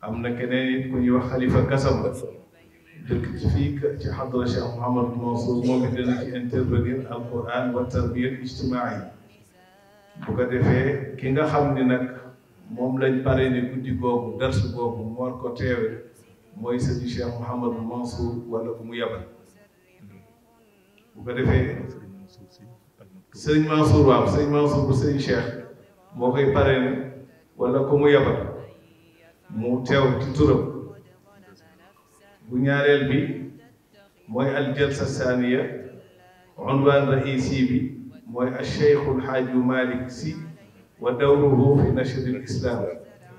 amna am na keneen ku ñu wax Khalifa Kassam la dëkk ci fii ci xadra Cheikh mohammed Mansour moom it dana ci intervenir alquran wa tarbiya ijtimaaiya bu ko defee ki nga xam ni nag moom lañ pare ni guddi googu dars googu mu war ko teewe mooy sëñ Cheikh Mouhamadou Mansour wala bu mu yabal bu ko defee sëñ Mansour waaw sëñ Mansour bu sëñ Cheikh moo koy pare ni wala ku mu yabal mu teew ci turam bu ñaareel bi mooy aljalsa saaniya unwaan raisi bi موي الشيخ الحاج مالك سي ودوره في نشر الاسلام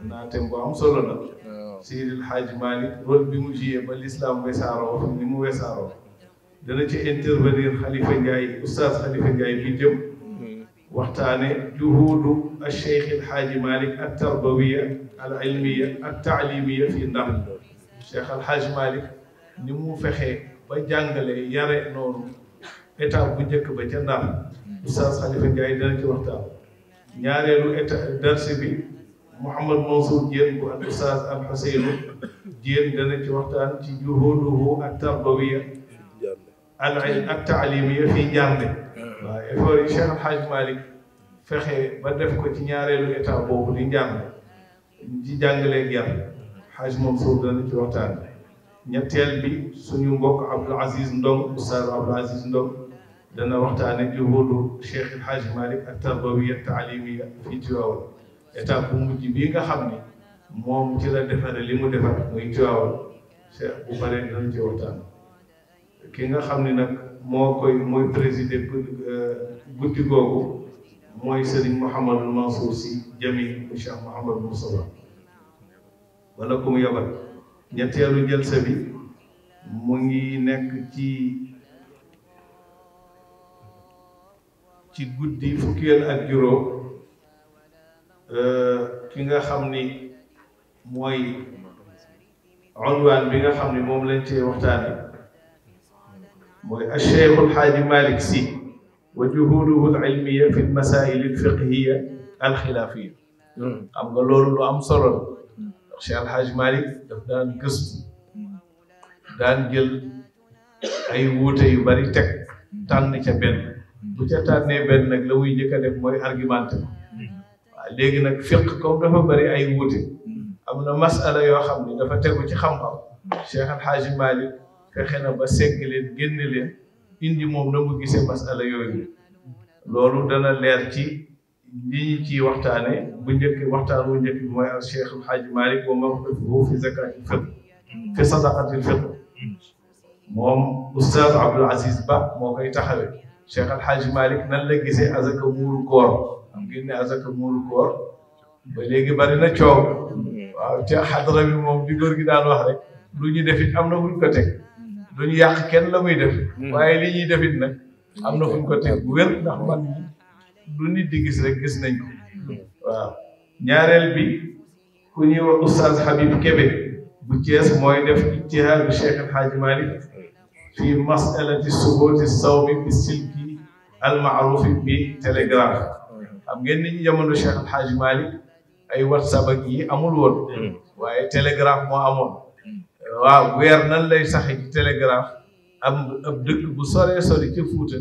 ناتم بو ام سولو نك آه. سيد الحاج مالك رول بي موجي با الاسلام ويسارو ني مو ويسارو دا نتي انترفينير خليفه جاي استاذ خليفه جاي في جيم وقتانه جهود الشيخ الحاج مالك التربويه العلميه التعليميه في النهضه الشيخ الحاج مالك ni mu fexé ba jàngalé yaré étape bu njëkk ba ca Ndar Oustaz Khalifa Ndiaye ci waxtaan ñaareelu étape darse bi Mouhamad Mansour Diène bu ak Oustaz Al Ousseynou Diène dana ci waxtaan ci juhuduhu ak al ak taalimiya fii Ndiarndé waaw effort yi Cheikh Al Hadj Malick fexe ba def ko ci ñaareelu étape boobu di Ndiarndé ci jàngaleeg yar Hadj Mansour dana ci waxtaan ñetteel bi suñu mbokk Abdoul Aziz Ndong Oustaz Abdoul Aziz Ndong dana waxtaan ak juhóolu Cheikh El Hadj Malick ak tarbawiya taalimiya fii Tiwaawan état bu mujj bii nga xam ni moom ci la defaree li mu defar muy Tiwaawan Cheikh bu bare dana ci waxtaan ki nga xam ni nag moo koy mooy présider guddi googu mooy Serigne Mouhamadou Mansour Sy Djamil mu Cheikh Mouhamadou Moustapha wala ku mu yabal ñetteelu jëlsa bi mu ngi nekk ci ci guddi fukkel ak juro euh ki nga xamni moy عنوان بيغا خامني موم لنج تي وقتان موي الشيخ الحاج مالك سي وجهوده العلميه في المسائل الفقهيه الخلافيه ام غا لول لو ام سورو الشيخ الحاج مالك داف دان قسم دان جيل اي ووتو يو بري تك تان تي بن Mm-hmm. bu ca tànnee benn nag la muy njëkk a def mooy argumenté ko mm-hmm. waaw léegi nag fiq comme dafa bëri ay wuute mm-hmm. am na masala yoo xam ne dafa tegu ci xam-xam Cheikh Al Hadji Malick fexe na ba segg leen génne indi moom la mu gisee masala yooyu loolu dana leer ci li ñu ciy waxtaane bu njëkk waxtaan bu njëkk bi mooy ak Cheikh Al Hadji Malick wa mawqifuhu fi zakatil fiq fi sadaqatil fiq moom Oustaz Abdoul Aziz Ba moo koy taxawee Cheikh Al Hadj Malick nan la gisee azaka muuru koor am ngeen azaka muuru koor ba léegi bari na coow waaw ca xadra moom di góor gi daan wax rek lu ñu defit am na fuñ ko teg lu ñu yàq kenn la muy def waaye li ñuy defit nag am na fuñ ko teg bu wér ndax man di gis rek gis nañ ko waaw ñaareel bi ku ñuy wax oustaz Habib Kébé bu Cees mooy def ijtihaadu Cheikh Al Hadj fi masalati subuti sawmi bi silki almaaruf bi telegram xam ngeen ni ñu jamono Cheikh Al ay whatsapp ak yi amul woon waaye telegram moo amoon waaw weer nan lay saxe ci bu soree sori ci Fuuta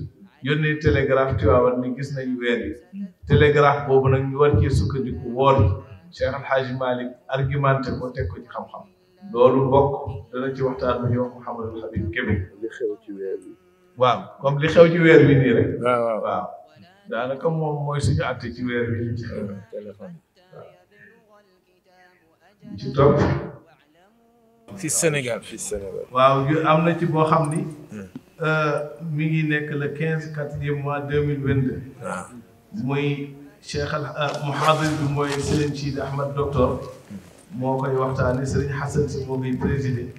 yónnee télégraphe Tiwaawan ni gis nañu weer yi télégraphe boobu nag ñu war cee sukkandiku woor Cheikh Al Hadj Malick argumenté ko teg ko ci xam-xam loolu bokk dana ci waxtaan bu ñuy wax Mouhamadou Habib waaw comme li xew ci weer bi nii rek. waaw moom mooy suñu àtte ci weer bi nii ci téléphone bi
ci waaw am
na boo xam ni. Hmm. Euh, mi ngi nekk le quinze quatrième mois deux mille vingt deux. waaw ah. muy Cheikh al euh, mooy Serigne Sidi Ahmad hmm. moo koy waxtaanee Serigne Hassan si moo koy présider.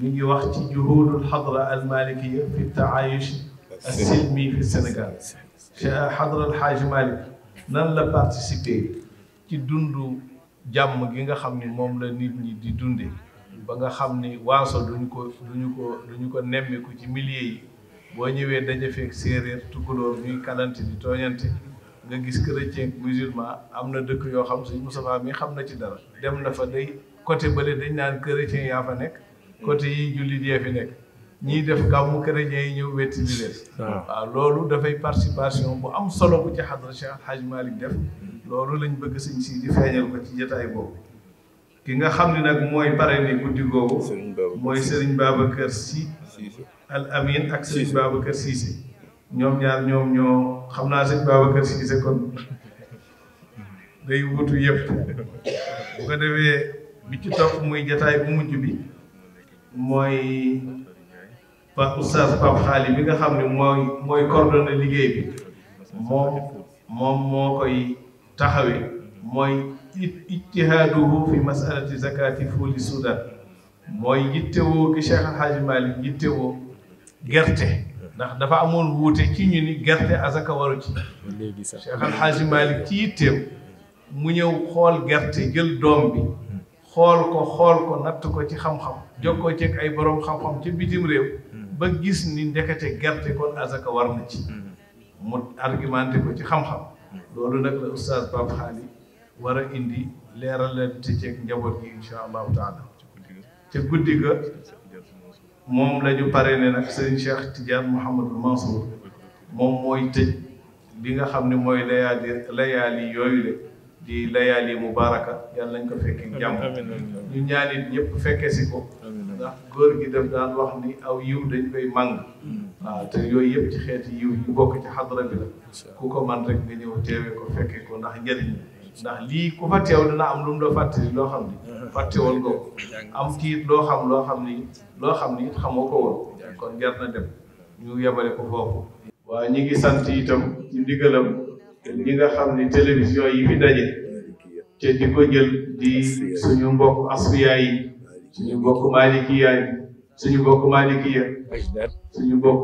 من يوحي جهود الحضرة المالكية في التعايش السلمي في السنغال حضرة الحاج مالك نان لا بارتيسيبي تي دوندو جام كيغا خامني موم لا نيت ني دي دوندي باغا خامني واسو دوني كو دوني كو دوني كو نيمي كو تي ميليي بو نيوي داجي فيك سيرير توكلور ني كالانتي دي تونيانتي nga gis chrétien musulman amna deuk yo xam seigne moustapha mi xamna ci dara dem na fa day côté beulé dañ nan chrétien ya fa nek côté yi jullit yee nekk ñiy def gàmmu chrétien yi ñëw wetti di leen waaw loolu dafay participation bu am solo bu ci xadra Cheikh Al Hadj Malick def loolu lañ bëgg sëñ si di feeñal ko ci jotaay boobu ki nga xam ne nag mooy parrainé guddi googu mooy Serigne Babacar Sy Al Amin ak ñoom ñaar ñoom xam naa Serigne Babacar Cissé kon day wutu yëpp bu ko defee bi ci topp muy jataay bu mujj bi mooy pa oustaz Pape Xaali bi nga xam ne mooy mooy coordonné liggéey bi moom moom moo koy taxawee mooy ijtihaaduhu fi masalati zakati fuuli Soudan mooy yittewoo ki Cheikh Alhaji Malick yittewoo gerte ndax dafa amoon wuute ci ñu ni gerte azaka waru ci Cheikh Alhaji Malick ci yitteem mu ñëw xool gerte jël doom bi xool ko xool ko natt ko ci xam-xam hmm. jokkoo ceeg ay borom xam-xam ci bitim réew hmm. ba gis ni ndekete gerte kon azaka war na ci hmm. mu argumenté ko ci xam-xam loolu nag la oustaz Pape Xaali war a indi leeralante ceeg njaboot gi insha allahu taala te guddi ga moom la pare ne nag seen Cheikh Tidiane Mouhamadul Mansour moom mooy tëj li nga xam ni mooy layaali layaali yooyu le di layaali mubaaraka yàlla nañ ko fekkee jàmm ñu ñaanit ñëpp fekkee si ko ndax góor gi def daan wax ni aw yiw dañ koy màng mm. waaw te yooyu yëpp ci xeet yiw ñu bokk ci xadra bi la ku ko man rek nga ñëw teewe ko fekke ko ndax njëriñ ndax lii ku fa teew dina am lu mu la fàttali loo xam ni fàtte woon nga ko am tiit loo xam loo xam ni loo xam ni xamoo ko woon kon jar na dem ñu yebale ko foofu waaw ñi ngi sant itam ci ñi nga xam ne télévision yi fi daje te di ko jël di suñu mbokk asfiya yi suñu mbokk malikiya yi suñu mbokk malikiya suñu mbokk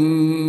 Mm.